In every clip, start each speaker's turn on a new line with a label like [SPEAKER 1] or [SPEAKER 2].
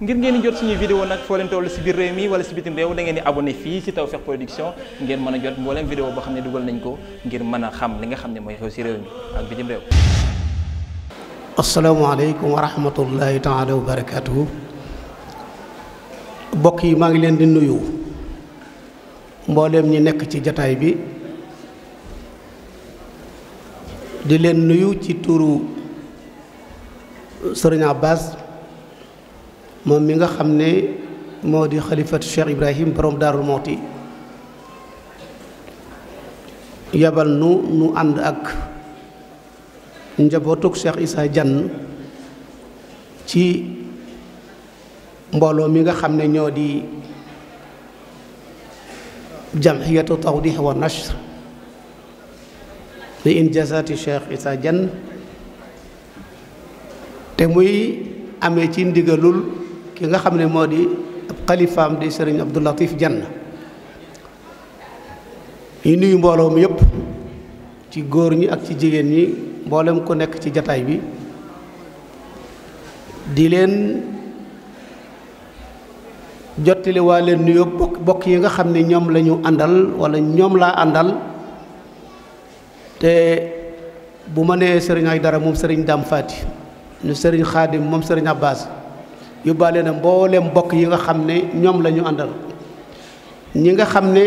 [SPEAKER 1] ngir ngeen jot suñu vidéo nag foo leen toll si biir réew mi wala si bitim réew da ngeen di abonné fii si Tawfekh Production ngeen mën a jot mbooleem vidéo boo xam ne dugal nañ ko ngir mën a xam li nga xam ne mooy xew si réew mi ak bitim réew asalaamaaleykum wa rahmatullahi taala wa barakatuhu mbokk yi maa ngi leen di nuyu mbooleem ñi nekk ci jataay bi di leen nuyu ci tuuru Sëriñ Abbas moom mi nga xam ne moo di xalifatu Cheikh Ibrahim borom Daaru Mooti yabal nu nu ànd ak njabootug Cheikh Issa jan ci mbooloo mi nga xam ne ñoo di jamhiyatu tawdih wa nashr li injazati Cheikh Issa jan te muy amee ci ndigalul yi nga xam ne moo di ab xalifaam di sëriñ Abdou Latif jan ñu nuyu mbooloo mi yëpp ci góor ñi ak ci jigéen ñi mbooleem ku nekk ci jataay bi di leen jottali waa leen nuyoo bokk bokk yi nga xam ne ñoom lañu àndal wala ñoom laa àndal te bu ma nee sëriñ ay dara moom sëriñ Dame fàtti ñu sëriñ Xaadim moom sëriñ abaas yóbbaale na mbooleem mbokk yi nga xam ne ñoom lañu àndal ñi nga xam ne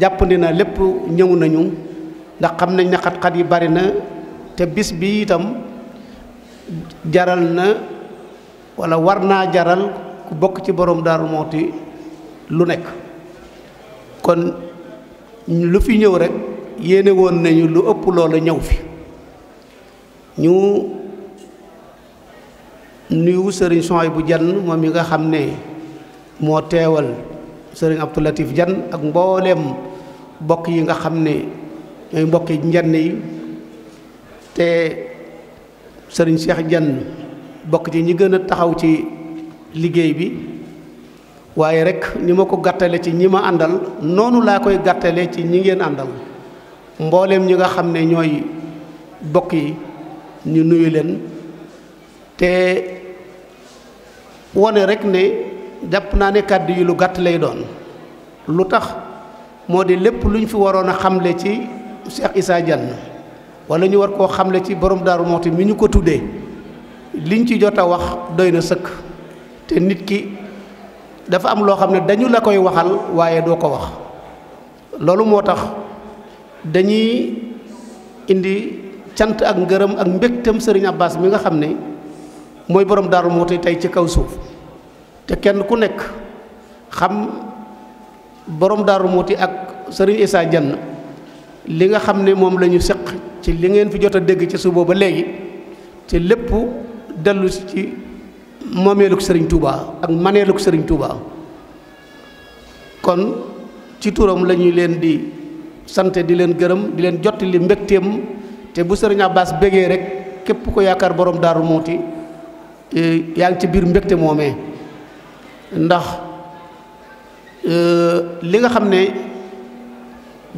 [SPEAKER 1] jàppandi na lépp ñëw nañu ndax xam nañ ne xat-xat yi bari na te bis bi itam jaral na walla war naa jaral ku bokk ci boroom Daaru Muxti lu nekk kon lu fi ñëw rekk yéene woon nañu lu ëpp loola ñëw fi ñu nuyu sëriñ sooy bu jan moom yi nga xam ne moo teewal sëriñ Abdou jan ak mbooleem bokk yi nga xam ne ñooy mbokk yi yi te sëriñ Cheikh jan bokk ci ñi gën a taxaw ci liggéey bi waaye rek ni ma ko gàttale ci ñi ma àndal noonu laa koy gàttale ci ñi ngeen àndal mbooleem ñi nga xam ne ñooy bokk yi ñu nuyu leen te wone rek ne jàpp naa ne kàddu yi lu gàtt lay doon lu tax moo di lépp lu ñu fi waroon a xamle ci Cheikh Issa Diagne wala ñu war koo xamle ci borom Daaru Muxti mi ñu ko tuddee liñ ci jot a wax doy na sëkk te nit ki dafa am loo xam ne dañu la koy waxal waaye doo ko wax loolu moo tax dañuy indi cant ak ngërëm ak mbégtam sëriñ Abbas mi nga xam ne mooy borom daaru mooti tey ci kaw suuf te kenn ku nekk xam boroom daaru muuti ak sëriñ Issa Dienne li nga xam ne moom lañu ñu ci li ngeen fi jot a dégg ca suba ba léegi ci lépp dellu ci moomeeluk sëriñ Touba ak maneeluk sëriñ Touba kon ci turam la ñu leen di sante di leen gërëm di leen jot jottali mbégteem te bu sëriñ Abbas bégee rek képp ko yaakaar borom daaru muuti yaa ngi ci biir mbégte moomee ndax euh, li nga xam ne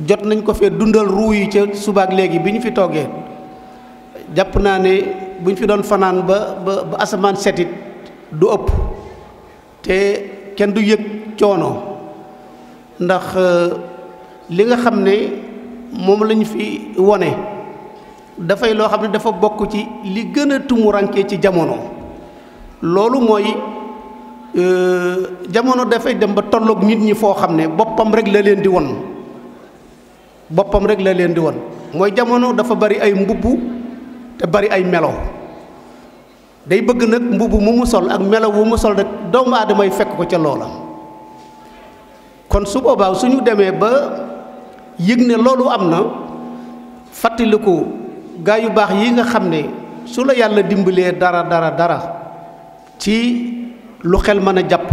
[SPEAKER 1] jot nañ ko fee dundal ruu yi ca subaak léegi bi ñu fi toogee jàpp naa ne bu ñu fi doon fanaan ba ba asamaan setit du ëpp te kenn du yëg coono ndax euh, li nga xam ne moom lañu fi wone dafay loo xam ne dafa bokk ci li gën a tumurankee ci jamono loolu mooy euh, jamono dafay dem ba tolloog nit ñi foo xam ne boppam rek la leen di won boppam rek la leen di won mooy jamono dafa bari ay mbubb te bari ay melo day bëgg nag mbubb mu mu sol ak melo mu mu sol rek doomu aadamay fekk ko ca loola kon su boobaa suñu demee ba yëg ne loolu am na fàttaliku gaa yu baax yi nga xam ne su la yàlla dimbalee dara dara dara ci lu xel mën a jàpp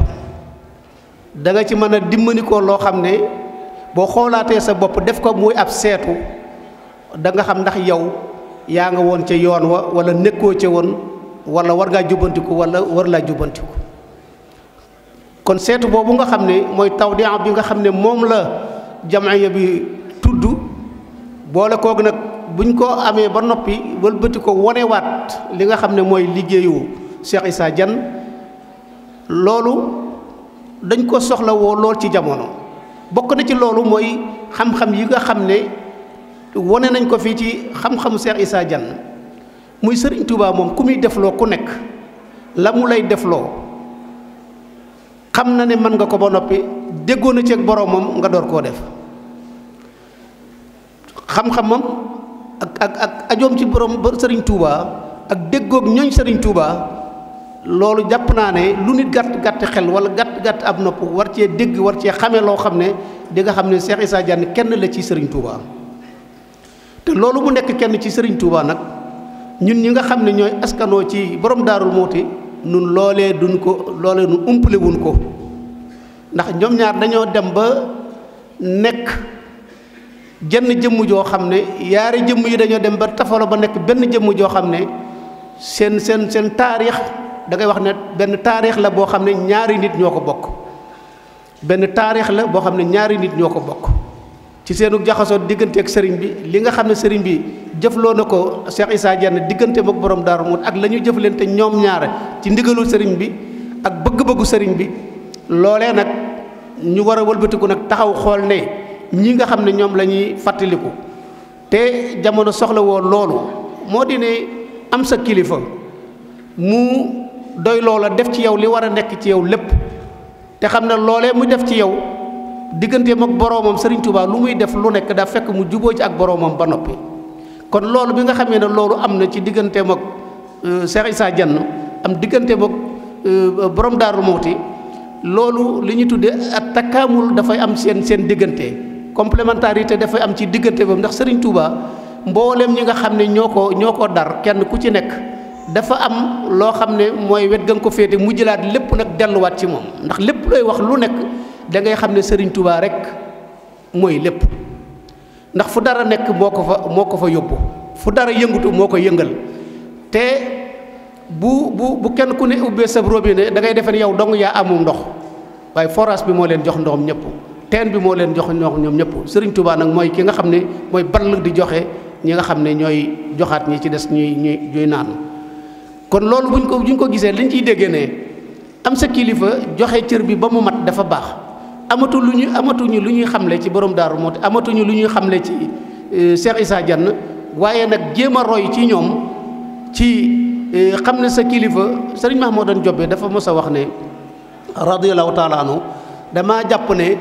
[SPEAKER 1] danga ci mën a dimbali ko loo xam ne boo xoolaatee sa bopp def ko muy ab seetu danga xam ndax yow yaa nga woon ca yoon wa wala nekkoo ca woon wala war ngaa jubbantiku wala war laa jubbantiku kon seetu boobu nga xam ne mooy taw tawdia bi nga xam ne moom la jamaaya bi tudd boole koog nag buñ ko amee ba noppi wëlbati ko wonewaat li nga xam ne mooy liggéeyu Cheikh Issa jan loolu dañ ko soxlawoo lool ci jamono bokk na ci loolu mooy xam-xam yi nga xam ne wone nañ ko fii ci xam-xamu Cheikh Issa Diagne muy Serigne Touba moom ku muy defloo ku nekk la mu lay defloo xam na ne mën nga ko ba noppi déggoo na ci ak boroomam nga door koo def xam-xamam ak ak ak ajoom ci borom ba sëriñ tuubaa ak déggoog ñooñ Serigne Touba. loolu jàpp naa ne lu nit gàtt gàtt xel wala gàtt gàtt ab nopp war cee dégg war cee xamee loo xam ne dinga xam ne Cheikh Issa Diagne kenn la ci Serigne Touba te loolu mu nekk kenn ci sëriñ Touba nag ñun ñi nga xam ne ñooy askanoo ci boroom daarul moo Mouti nun loolee duñ ko loole nu umpale wuñ ko ndax ñoom ñaar dañoo dem ba nekk jenn jëmm joo xam ne yaari jëmm yi dañoo dem ba tafalo ba nekk benn jëmm joo xam ne seen seen seen taarix. da ngay wax ne benn taarix la boo xam ne ñaari nit ñoo ko bokk benn taarix la boo xam ne ñaari nit ñoo ko bokk ci seenu jaxasoo diggante ak sëriñ bi li nga xam ne sëriñ bi jëfloo na ko Cheikh Issa jenn diggante ak boroom Darou Mouhty ak la leen jëflante ñoom ñaare ci ndiggalu sëriñ bi ak bëgg-bëggu sëriñ bi loolee nag ñu war a wëlbatiku nag taxaw xool ne ñi nga xam ne ñoom la ñuy fàttaliku te jamono soxla loolu moo di ne am sa kilifa mu doy loola def ci yow li war a nekk ci yow lépp te xam ne loolee mu def ci yow digganteem ak boroomam Serigne Touba lu muy def lu nekk daa fekk mu juboo ci ak boroomam ba noppi kon loolu bi nga xamee ne loolu am na ci digganteem ak euh, Cheikh Issa Diagne am digganteem ak euh, borom Daaru Muxti loolu li ñu tuddee ak takkaamul dafay am seen seen diggante complémentarité dafay am ci diggante boobu ndax Serigne Touba mbooleem ñi nga xam ne ñoo ko ñoo ko dar kenn ku ci nekk. dafa am loo xam ne mooy wet ga nga ko féete mu jëlaat lépp nag delluwaat ci moom ndax lépp looy wax lu nekk da ngay xam ne sëriñ tubaa rek mooy lépp ndax fu dara nekk moo ko fa moo ko fa yóbbu fu dara yëngatu moo ko yëngal te bu bu kenn ku ne ubbee sa robinet da ngay defe ne yow dong yaa amul ndox waaye forage bi moo leen jox ndoxam ñëpp teen bi moo leen jox ndoxam ñoom ñëpp sëriñ tubaa nag mooy ki nga xam ne mooy ball di joxe ñi nga xam ne ñooy joxaat ñi ci des ñuy ñuy ñuy naan kon loolu buñ ko buñ ko gisee liñ ciy déggee ne am sa kilifa joxe cër bi ba mu mat dafa baax amatu lu ñu amatuñu lu ñuy xamle ci borom daaru moo amatuñu lu ñuy xamle ci euh, Cheikh Issa Diagne waaye nag jéem a roy ci ñoom ci euh, xam ne sa kilifa sëriñ Mahmoudan Jobe dafa mos a wax ne radiyallahu taala anhu damaa jàpp ne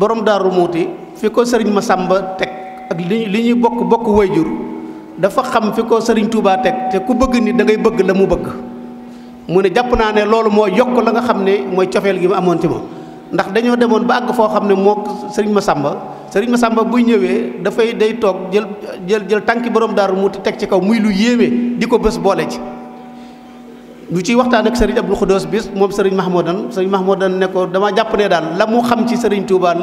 [SPEAKER 1] borom daaru muuti fi ko sëriñ Masamba teg ak li li ñuy bokk bokk wayjur dafa xam fi ko sëriñ tuubaa teg te ku bëgg nit dangay bëgg la mu bëgg mu ne jàpp naa ne loolu moo yokk la nga xam ne mooy cofeel gi ma amoon ci moom ndax dañoo demoon ba àgg foo xam ne moo sëriñ Masamba sëriñ Masamba buy ñëwee dafay day toog jël jël jël tànki borom daaru mu teg ci kaw muy lu yéeme di ko bés boole ci lu ciy waxtaan ak sëriñ Abdou Khoudous bis moom sëriñ Mahmoudan sëriñ Mahmoudan ne ko dama jàpp ne daal la mu xam ci sëriñ Touba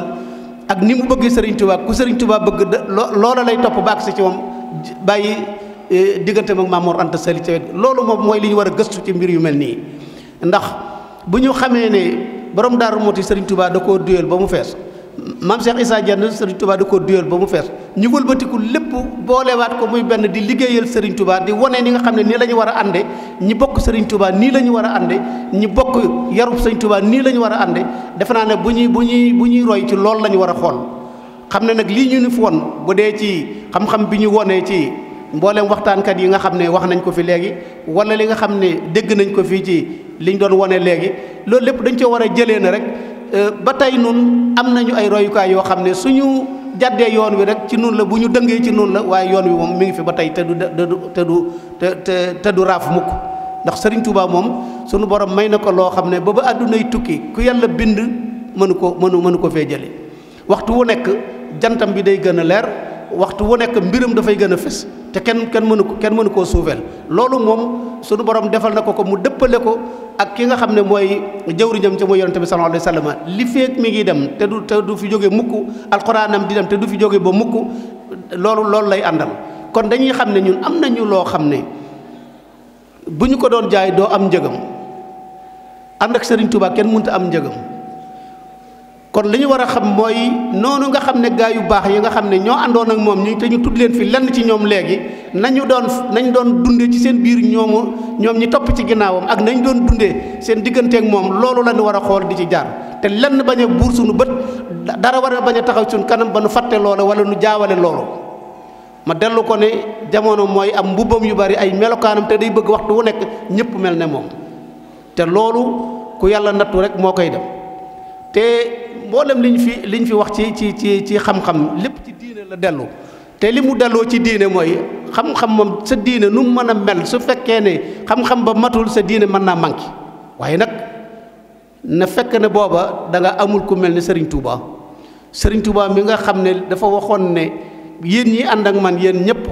[SPEAKER 1] ak ni mu bëggee sëriñ Touba ku sëriñ bëgg loola lay topp ba àgg si ci moom bàyyi eh, diggante ak Maam Mor Anta Sali ca wet loolu moom mooy li ñu war a gëstu ci mbir yu mel nii ndax bu ñu xamee ne borom Daaru Muxti Sëriñ Tuubaa da koo duyal ba mu fees maam Cheikh Issa Diagne Sëriñ Tuubaa da koo duyal ba mu fees ñu wëlbatiku lépp boolewaat ko muy benn di liggéeyal Sëriñ Tuubaa di wane ni nga xam ne nii lañu war a ànde ñi bokk Sëriñ Tuubaa nii la ñu war a ànde ñi bokk yarub Sëriñ Tuubaa nii la ñu war a ànde defe naa ne bu ñuy bu ñuy bu ñuy roy ci loolu la ñu war a xool xam ne nag lii ñu ni fi woon bu dee ci xam-xam bi ñu wonee ci mboolem waxtaankat yi nga xam ne wax nañ ko fi léegi wala li nga xam ne dégg nañ ko fii ci liñ doon wone léegi loolu lépp dañu coo war a jëlee na rek euh, ba tey nun am nañu ay royukaay yoo xam ne suñu jàddee yoon wi rek ci nun la bu ñu dëngee ci nun la waaye yoon wi moom mu ngi fi ba tey te du te du te te du raaf mukk ndax Sëriñ Tuubaa moom sunu borom may na ko loo xam ne ba ba àddunay tukki ku bind mënu ko mënu mënu ko fee jëlee jantam bi day gën a leer waxtu wu nekk mbiram dafay gën a fës te kenn kenn mënu ko kenn mënu koo suufeel loolu moom sunu borom defal na ko ko mu dëppale ko ak ki nga xam ne mooy jëwriñam ca mooy yonente bi sallallahu alayhi wa sallam li feek mi ngi dem te du te du fi jóge mukk alxuraanam di dem te du fi jóge ba mukk loolu loolu lay àndal kon dañuy xam ne ñun am nañu loo xam ne bu ñu ko doon jaay doo am njëgam ànd ak Sëriñ Tuubaa kenn mënta am njëgam kon li ñu war a xam mooy noonu nga xam ne gaa yu baax yi nga xam ne ñoo àndoon ak moom ñu te ñu tudd leen fi lenn ci ñoom léegi nañu doon nañ doon dundee ci seen biir ñoomu ñoom ñi topp ci ginnaawam ak nañ doon dundee seen digganteeg moom loolu lañu war a xool di ci jaar te lenn bañ a buur suñu bët dara war a bañ a taxaw suñu kanam ba nu fàtte loola wala nu jaawale loolu ma dellu ko ne jamono mooy am mbubbam yu bari ay melokaanam te day bëgg waxtu wu nekk ñëpp mel ne moom te loolu ku yàlla nattu rek moo koy dem te mboolem liñ fi liñ fi wax ci ci ci ci xam-xam lépp ci diine la dellu te li mu delloo ci diine mooy xam-xam moom sa diine nu mu mën a mel su fekkee ne xam-xam ba matul sa diine mën naa manqué waaye nag na fekk ne booba da amul ku mel ne Serigne Touba Serigne Touba nga xam ne dafa waxoon ne yéen ñi ànd ak man yéen ñëpp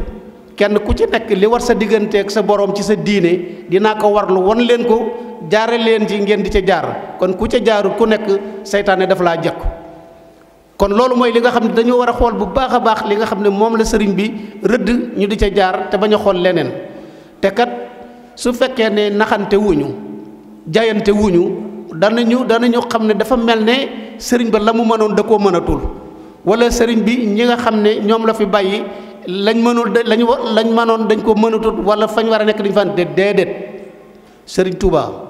[SPEAKER 1] kenn ku ci nekk li war sa diggante ak sa borom ci sa diine dinaa ko warlu won leen ko jaare leen ci ngeen di ca jaar. kon ku ca jaarul ku nekk seytaane dafa laa jekku kon loolu mooy li nga xam ne dañoo war a xool bu baax a baax li nga xam ne moom la sëriñ bi rëdd ñu di ca jaar te bañ a xool leneen te kat su fekkee ne naxante wuñu jaayante wuñu dana danañu xam ne dafa mel ne sëriñ ba la mu mënoon da koo mënatul wala sëriñ bi ñi nga xam ne ñoom la fi bàyyi lañ mënul da lañ lañ mënoon dañ ko mënatul wala fañ war a nekk dañ fa déedéet sëriñ Touba.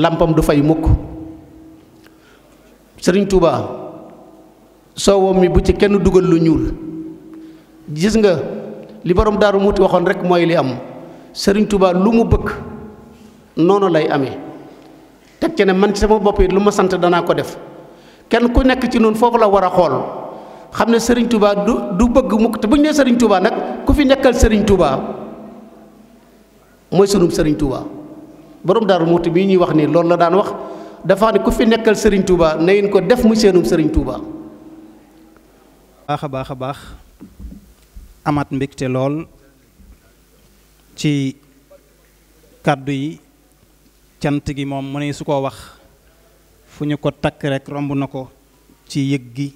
[SPEAKER 1] làmpam du fay mukk sëriñ Touba soowam mi bu ci kenn dugal lu ñuul gis nga li borom daaru muuti waxoon rek mooy li am sëriñ Touba lu mu bëgg noonu lay ame teg ci ne man ci sama bopp it lu ma sant danaa ko def kenn ku nekk ci noonu foofu la war a xool xam ne sëriñ Touba du du bëgg mukk te bu ñu nee sëriñ Touba nag ku fi nekkal sëriñ Touba mooy sunum sëriñ Touba. borom daaru muuti bii ñuy wax nii loolu la daan wax dafa xam ne ku fi nekkal Serigne Touba na ngeen ko def mu seenum Serigne Touba. baax a baax a baax amaat mbégte lool ci kàddu yi cant gi moom mu ne su koo wax fu ñu ko takk rek romb na ko ci yëg gi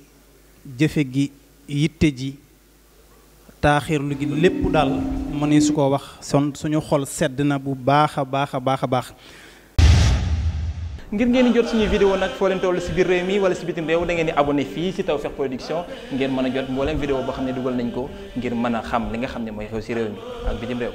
[SPEAKER 1] jëfe gi yitte ji lu gi lépp daal mënee su ko wax son suñu xol sedd na bu baax a baax a baax a baax. ngir ngeen jot suñuy vidéo nag foo leen toll si biir réew mi wala si bitim réew dangeen di abon abonné fii si Tawfekh Production ngeen mën a jot mbooleem vidéo boo xam ne dugal nañ ko ngir mën a xam li nga xam ne mooy xew si réew mi ak bitim réew.